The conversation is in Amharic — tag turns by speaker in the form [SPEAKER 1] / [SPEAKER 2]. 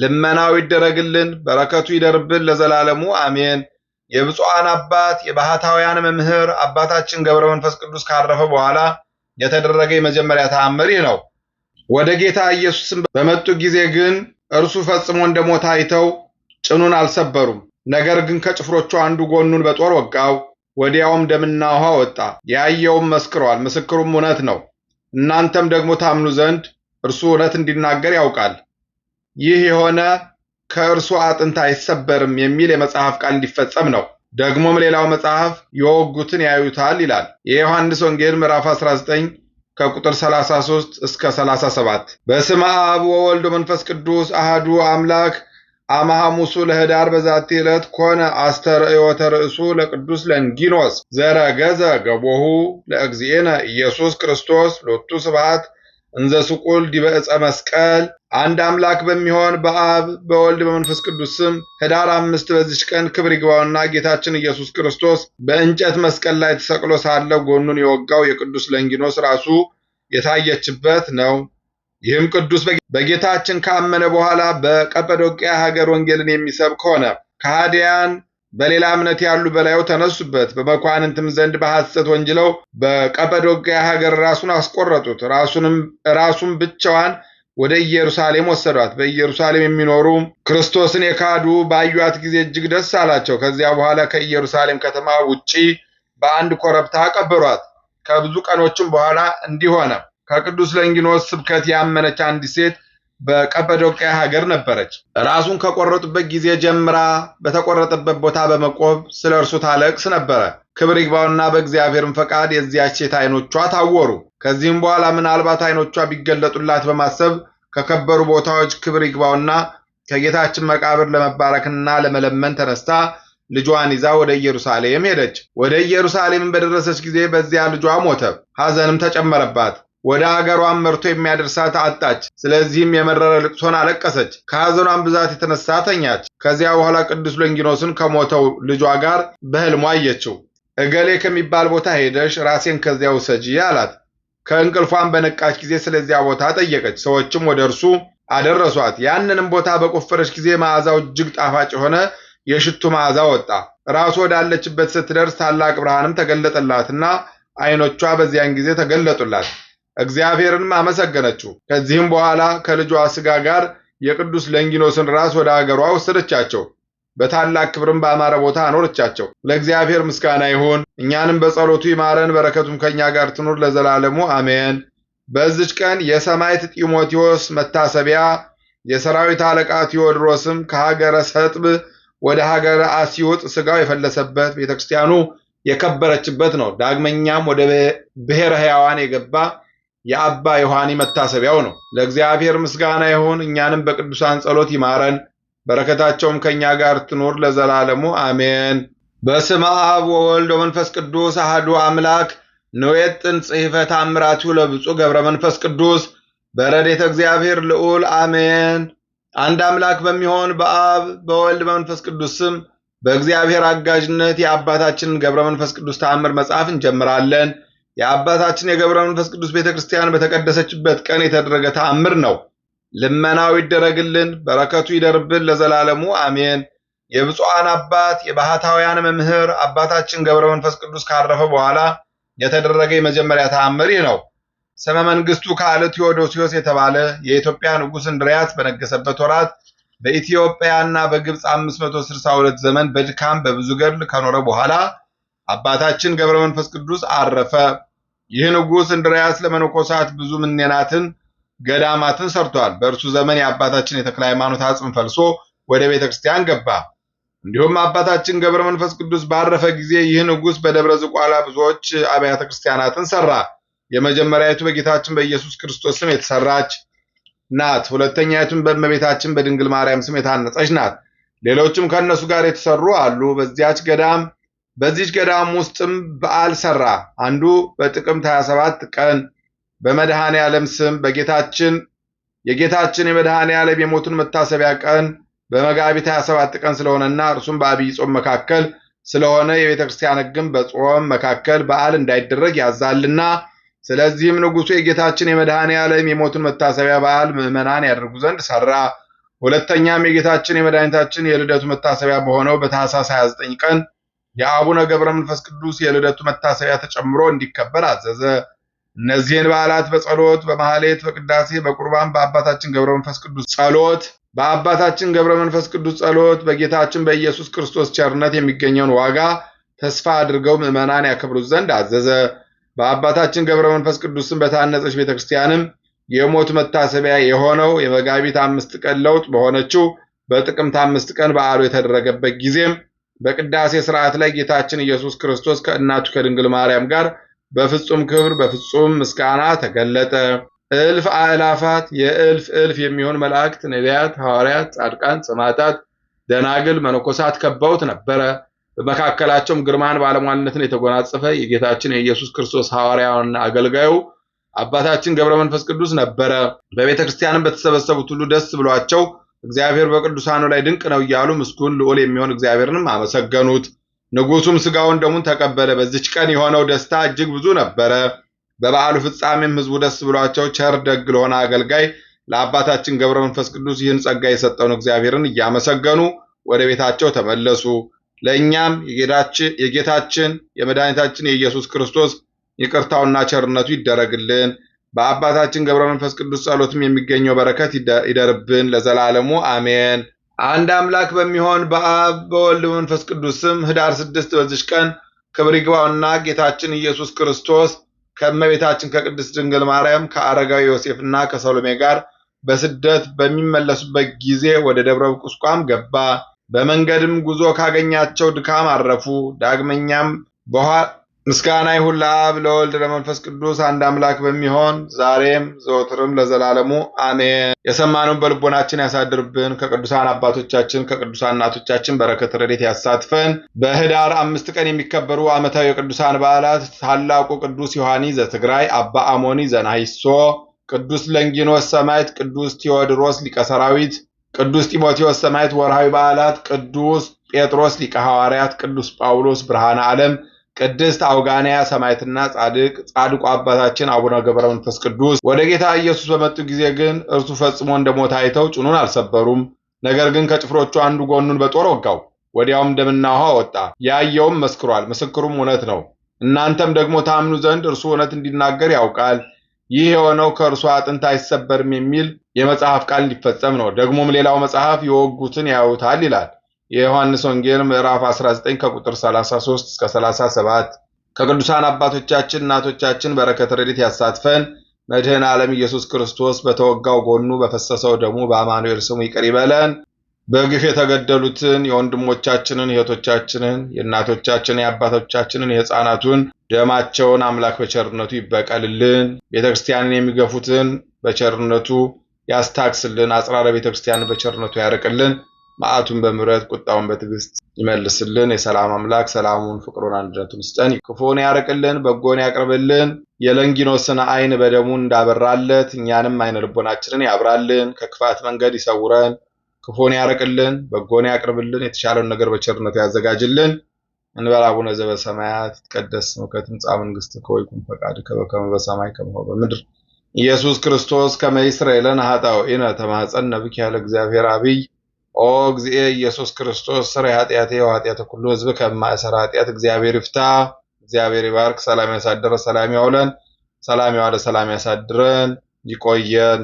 [SPEAKER 1] ልመናው ይደረግልን፣ በረከቱ ይደርብን ለዘላለሙ አሜን። የብፁዓን አባት የባህታውያን መምህር አባታችን ገብረ መንፈስ ቅዱስ ካረፈ በኋላ የተደረገ የመጀመሪያ ተአምር ይህ ነው። ወደ ጌታ ኢየሱስም በመጡ ጊዜ ግን እርሱ ፈጽሞ እንደሞተ አይተው ጭኑን አልሰበሩም። ነገር ግን ከጭፍሮቹ አንዱ ጎኑን በጦር ወጋው፣ ወዲያውም ደምና ውሃ ወጣ። ያየውም መስክሯል፣ ምስክሩም እውነት ነው። እናንተም ደግሞ ታምኑ ዘንድ እርሱ እውነት እንዲናገር ያውቃል። ይህ የሆነ ከእርሱ አጥንት አይሰበርም የሚል የመጽሐፍ ቃል እንዲፈጸም ነው። ደግሞም ሌላው መጽሐፍ የወጉትን ያዩታል ይላል። የዮሐንስ ወንጌል ምዕራፍ 19 ከቁጥር 33 እስከ 37 በስመ አብ ወወልድ መንፈስ ቅዱስ አህዱ አምላክ አማሐሙሱ ለህዳር ለኅዳር በዛቲ ዕለት ኮነ አስተርእዮተ ርእሱ ለቅዱስ ለንጊኖስ ዘረገዘ ገቦሁ ለእግዚእነ ኢየሱስ ክርስቶስ ሎቱ ስብሐት እንዘ ስቁል ዲበ ዕፀ መስቀል አንድ አምላክ በሚሆን በአብ በወልድ በመንፈስ ቅዱስ ስም ህዳር አምስት በዚች ቀን ክብር ይግባውና ጌታችን ኢየሱስ ክርስቶስ በእንጨት መስቀል ላይ ተሰቅሎ ሳለ ጎኑን የወጋው የቅዱስ ለንጊኖስ ራሱ የታየችበት ነው። ይህም ቅዱስ በጌታችን ካመነ በኋላ በቀጰዶቅያ ሀገር ወንጌልን የሚሰብክ ሆነ። ከሃዲያን በሌላ እምነት ያሉ በላዩ ተነሱበት፣ በመኳንንትም ዘንድ በሐሰት ወንጅለው በቀጰዶቅያ ሀገር ራሱን አስቆረጡት። ራሱን ብቻዋን ወደ ኢየሩሳሌም ወሰዷት። በኢየሩሳሌም የሚኖሩ ክርስቶስን የካዱ ባዩት ጊዜ እጅግ ደስ አላቸው። ከዚያ በኋላ ከኢየሩሳሌም ከተማ ውጪ በአንድ ኮረብታ ቀበሯት። ከብዙ ቀኖችም በኋላ እንዲህ ሆነ። ከቅዱስ ለንጊኖስ ስብከት ያመነች አንዲት ሴት በቀጰዶቅያ ሀገር ነበረች። ራሱን ከቆረጡበት ጊዜ ጀምራ በተቆረጠበት ቦታ በመቆብ ስለ እርሱ ታለቅስ ነበረ። ክብር ይግባውና በእግዚአብሔርም ፈቃድ የዚያች ሴት ዓይኖቿ ታወሩ። ከዚህም በኋላ ምናልባት ዓይኖቿ ቢገለጡላት በማሰብ ከከበሩ ቦታዎች ክብር ይግባውና ከጌታችን መቃብር ለመባረክና ለመለመን ተነስታ ልጇን ይዛ ወደ ኢየሩሳሌም ሄደች። ወደ ኢየሩሳሌምን በደረሰች ጊዜ በዚያ ልጇ ሞተ፣ ሐዘንም ተጨመረባት። ወደ አገሯም መርቶ የሚያደርሳት አጣች። ስለዚህም የመረረ ልቅሶን አለቀሰች፣ ከሀዘኗን ብዛት የተነሳ ተኛች። ከዚያ በኋላ ቅዱስ ሎንጊኖስን ከሞተው ልጇ ጋር በሕልሟ አየችው። እገሌ ከሚባል ቦታ ሄደሽ ራሴን ከዚያ ውሰጂ አላት። ከእንቅልፏን በነቃች ጊዜ ስለዚያ ቦታ ጠየቀች። ሰዎችም ወደ እርሱ አደረሷት። ያንንም ቦታ በቆፈረች ጊዜ መዓዛው እጅግ ጣፋጭ የሆነ የሽቱ መዓዛ ወጣ። ራሱ ወዳለችበት ስትደርስ ታላቅ ብርሃንም ተገለጠላትና ዓይኖቿ በዚያን ጊዜ ተገለጡላት። እግዚአብሔርንም አመሰገነችው። ከዚህም በኋላ ከልጇ ሥጋ ጋር የቅዱስ ለንጊኖስን ራስ ወደ አገሯ ወሰደቻቸው። በታላቅ ክብርም በአማረ ቦታ አኖረቻቸው። ለእግዚአብሔር ምስጋና ይሁን፣ እኛንም በጸሎቱ ይማረን፣ በረከቱም ከእኛ ጋር ትኑር ለዘላለሙ አሜን። በዚች ቀን የሰማዕት ጢሞቴዎስ መታሰቢያ፣ የሰራዊት አለቃ ቴዎድሮስም ከሀገረ ሰጥብ ወደ ሀገረ አስዩጥ ሥጋው የፈለሰበት ቤተክርስቲያኑ የከበረችበት ነው። ዳግመኛም ወደ ብሔረ ሕያዋን የገባ የአባ ዮሐኒ መታሰቢያው ነው። ለእግዚአብሔር ምስጋና ይሁን። እኛንም በቅዱሳን ጸሎት ይማረን፣ በረከታቸውም ከእኛ ጋር ትኖር ለዘላለሙ አሜን። በስመ አብ ወወልድ ወመንፈስ ቅዱስ አህዱ አምላክ ንዌጥን ጽሕፈት አምራቲሁ ለብፁዕ ገብረ መንፈስ ቅዱስ በረድኤተ እግዚአብሔር ልዑል አሜን። አንድ አምላክ በሚሆን በአብ በወልድ በመንፈስ ቅዱስ ስም በእግዚአብሔር አጋዥነት የአባታችንን ገብረ መንፈስ ቅዱስ ተአምር መጽሐፍ እንጀምራለን። የአባታችን የገብረ መንፈስ ቅዱስ ቤተ ክርስቲያን በተቀደሰችበት ቀን የተደረገ ተአምር ነው። ልመናው ይደረግልን፣ በረከቱ ይደርብን ለዘላለሙ አሜን። የብፁዓን አባት የባህታውያን መምህር አባታችን ገብረ መንፈስ ቅዱስ ካረፈ በኋላ የተደረገ የመጀመሪያ ተአምር ይህ ነው። ስመ መንግስቱ ካልዕ ቴዎዶሲዮስ የተባለ የኢትዮጵያ ንጉሥ እንድርያስ በነገሰበት ወራት በኢትዮጵያና በግብፅ 562 ዘመን በድካም በብዙ ገድል ከኖረ በኋላ አባታችን ገብረ መንፈስ ቅዱስ አረፈ። ይህ ንጉሥ እንድርያስ ለመነኮሳት ብዙ ምኔናትን ገዳማትን ሰርቷል። በእርሱ ዘመን የአባታችን የተክለ ሃይማኖት አጽም ፈልሶ ወደ ቤተ ክርስቲያን ገባ። እንዲሁም አባታችን ገብረ መንፈስ ቅዱስ ባረፈ ጊዜ ይህ ንጉሥ በደብረ ዝቋላ ብዙዎች አብያተ ክርስቲያናትን ሰራ። የመጀመሪያዊቱ በጌታችን በኢየሱስ ክርስቶስ ስም የተሰራች ናት። ሁለተኛዊቱም በእመቤታችን በድንግል ማርያም ስም የታነጸች ናት። ሌሎችም ከእነሱ ጋር የተሰሩ አሉ። በዚያች ገዳም በዚች ገዳም ውስጥም በዓል ሠራ። አንዱ በጥቅምት 27 ቀን በመድኃኔ ዓለም ስም በጌታችን የጌታችን የመድኃኔ ዓለም የሞቱን መታሰቢያ ቀን በመጋቢት 27 ቀን ስለሆነና እርሱም በአብይ ጾም መካከል ስለሆነ የቤተ ክርስቲያን ሕግም በጾም መካከል በዓል እንዳይደረግ ያዛልና ስለዚህም ንጉሡ የጌታችን የመድኃኔ ዓለም የሞቱን መታሰቢያ በዓል ምዕመናን ያደርጉ ዘንድ ሠራ። ሁለተኛም የጌታችን የመድኃኒታችን የልደቱ መታሰቢያ በሆነው በታኅሳስ 29 ቀን የአቡነ ገብረ መንፈስ ቅዱስ የልደቱ መታሰቢያ ተጨምሮ እንዲከበር አዘዘ። እነዚህን በዓላት በጸሎት በማህሌት፣ በቅዳሴ፣ በቁርባን በአባታችን ገብረ መንፈስ ቅዱስ ጸሎት በአባታችን ገብረ መንፈስ ቅዱስ ጸሎት በጌታችን በኢየሱስ ክርስቶስ ቸርነት የሚገኘውን ዋጋ ተስፋ አድርገው ምዕመናን ያከብሩት ዘንድ አዘዘ። በአባታችን ገብረ መንፈስ ቅዱስን በታነጸች ቤተ ክርስቲያንም የሞት መታሰቢያ የሆነው የመጋቢት አምስት ቀን ለውጥ በሆነችው በጥቅምት አምስት ቀን በዓሉ የተደረገበት ጊዜም በቅዳሴ ስርዓት ላይ ጌታችን ኢየሱስ ክርስቶስ ከእናቱ ከድንግል ማርያም ጋር በፍጹም ክብር በፍጹም ምስጋና ተገለጠ። እልፍ አእላፋት የእልፍ እልፍ የሚሆን መላእክት፣ ነቢያት፣ ሐዋርያት፣ ጻድቃን፣ ሰማዕታት፣ ደናግል፣ መነኮሳት ከበውት ነበረ። በመካከላቸውም ግርማን ባለሟልነትን የተጎናጸፈ የጌታችን የኢየሱስ ክርስቶስ ሐዋርያውና አገልጋዩ አባታችን ገብረ መንፈስ ቅዱስ ነበረ። በቤተ ክርስቲያንም በተሰበሰቡት ሁሉ ደስ ብሏቸው እግዚአብሔር በቅዱሳኑ ላይ ድንቅ ነው እያሉ ምስኩን ልዑል የሚሆን እግዚአብሔርንም አመሰገኑት። ንጉሱም ስጋውን ደሙን ተቀበለ። በዚች ቀን የሆነው ደስታ እጅግ ብዙ ነበረ። በበዓሉ ፍጻሜም ህዝቡ ደስ ብሏቸው ቸር ደግ ለሆነ አገልጋይ ለአባታችን ገብረ መንፈስ ቅዱስ ይህን ጸጋ የሰጠውን እግዚአብሔርን እያመሰገኑ ወደ ቤታቸው ተመለሱ። ለእኛም የጌታችን የመድኃኒታችን የኢየሱስ ክርስቶስ ይቅርታውና ቸርነቱ ይደረግልን። በአባታችን ገብረ መንፈስ ቅዱስ ጸሎትም የሚገኘው በረከት ይደርብን ለዘላለሙ አሜን። አንድ አምላክ በሚሆን በአብ በወልድ በመንፈስ ቅዱስ ስም ህዳር ስድስት በዚች ቀን ክብር ይግባውና ጌታችን ኢየሱስ ክርስቶስ ከእመቤታችን ከቅድስት ድንግል ማርያም ከአረጋዊ ዮሴፍና ከሰሎሜ ጋር በስደት በሚመለሱበት ጊዜ ወደ ደብረ ቁስቋም ገባ። በመንገድም ጉዞ ካገኛቸው ድካም አረፉ። ዳግመኛም ምስጋና ይሁን ለአብ ለወልድ ለመንፈስ ቅዱስ አንድ አምላክ በሚሆን ዛሬም ዘወትርም ለዘላለሙ አሜን። የሰማነውን በልቦናችን ያሳድርብን። ከቅዱሳን አባቶቻችን ከቅዱሳን እናቶቻችን በረከት ረድኤት ያሳትፈን። በህዳር አምስት ቀን የሚከበሩ ዓመታዊ የቅዱሳን በዓላት ታላቁ ቅዱስ ዮሐኒ ዘትግራይ፣ አባ አሞኒ ዘናይሶ ቅዱስ ለንጊኖስ ሰማዕት፣ ቅዱስ ቴዎድሮስ ሊቀ ሰራዊት፣ ቅዱስ ጢሞቴዎስ ሰማዕት። ወርሃዊ በዓላት ቅዱስ ጴጥሮስ ሊቀ ሐዋርያት፣ ቅዱስ ጳውሎስ ብርሃነ ዓለም ቅድስት አውጋንያ ሰማዕትና ጻድቅ ጻድቁ አባታችን አቡነ ገብረ መንፈስ ቅዱስ ወደ ጌታ ኢየሱስ በመጡ ጊዜ ግን እርሱ ፈጽሞ እንደሞተ አይተው ጭኑን አልሰበሩም። ነገር ግን ከጭፍሮቹ አንዱ ጎኑን በጦር ወጋው፣ ወዲያውም ደምና ውሃ ወጣ። ያየውም መስክሯል፣ ምስክሩም እውነት ነው። እናንተም ደግሞ ታምኑ ዘንድ እርሱ እውነት እንዲናገር ያውቃል። ይህ የሆነው ከእርሷ አጥንት አይሰበርም የሚል የመጽሐፍ ቃል እንዲፈጸም ነው። ደግሞም ሌላው መጽሐፍ የወጉትን ያዩታል ይላል። የዮሐንስ ወንጌል ምዕራፍ 19 ከቁጥር 33 እስከ 37። ከቅዱሳን አባቶቻችን እናቶቻችን በረከት ረድኤት ያሳትፈን። መድህን ዓለም ኢየሱስ ክርስቶስ በተወጋው ጎኑ በፈሰሰው ደሙ በአማኑኤል ስሙ ይቅር ይበለን። በግፍ የተገደሉትን የወንድሞቻችንን የእህቶቻችንን፣ የእናቶቻችንን፣ የአባቶቻችንን፣ የሕፃናቱን ደማቸውን አምላክ በቸርነቱ ይበቀልልን። ቤተ ክርስቲያንን የሚገፉትን በቸርነቱ ያስታክስልን። አጽራረ ቤተ ክርስቲያንን በቸርነቱ ያርቅልን። መዓቱን በምሕረት ቁጣውን በትዕግስት ይመልስልን። የሰላም አምላክ ሰላሙን፣ ፍቅሩን፣ አንድነቱን ስጠን። ክፉን ያርቅልን፣ በጎን ያቅርብልን። የለንጊኖስን ዓይን በደሙ እንዳበራለት እኛንም ዓይነ ልቦናችንን ያብራልን። ከክፋት መንገድ ይሰውረን። ክፉን ያርቅልን፣ በጎን ያቅርብልን። የተሻለውን ነገር በቸርነቱ ያዘጋጅልን። እንበል አቡነ ዘበሰማያት ይትቀደስ ስምከ ትምጻእ መንግስትከ ወይኩን ፈቃድከ በከመ በሰማይ ከማሁ በምድር ኢየሱስ ክርስቶስ ከመ ይስረይ ለነ ኃጣውኢነ ተማኅፀነ ብከ ያለ እግዚአብሔር አብይ ኦ እግዚእ ኢየሱስ ክርስቶስ ስራ ኃጢአቴ ወኃጢአተ ኩሉ ህዝብ ከማእሰረ ኃጢአት እግዚአብሔር ይፍታ። እግዚአብሔር ይባርክ። ሰላም ያሳድረን ሰላም ያውለን፣ ሰላም ያዋለ፣ ሰላም ያሳድረን። ይቆየን።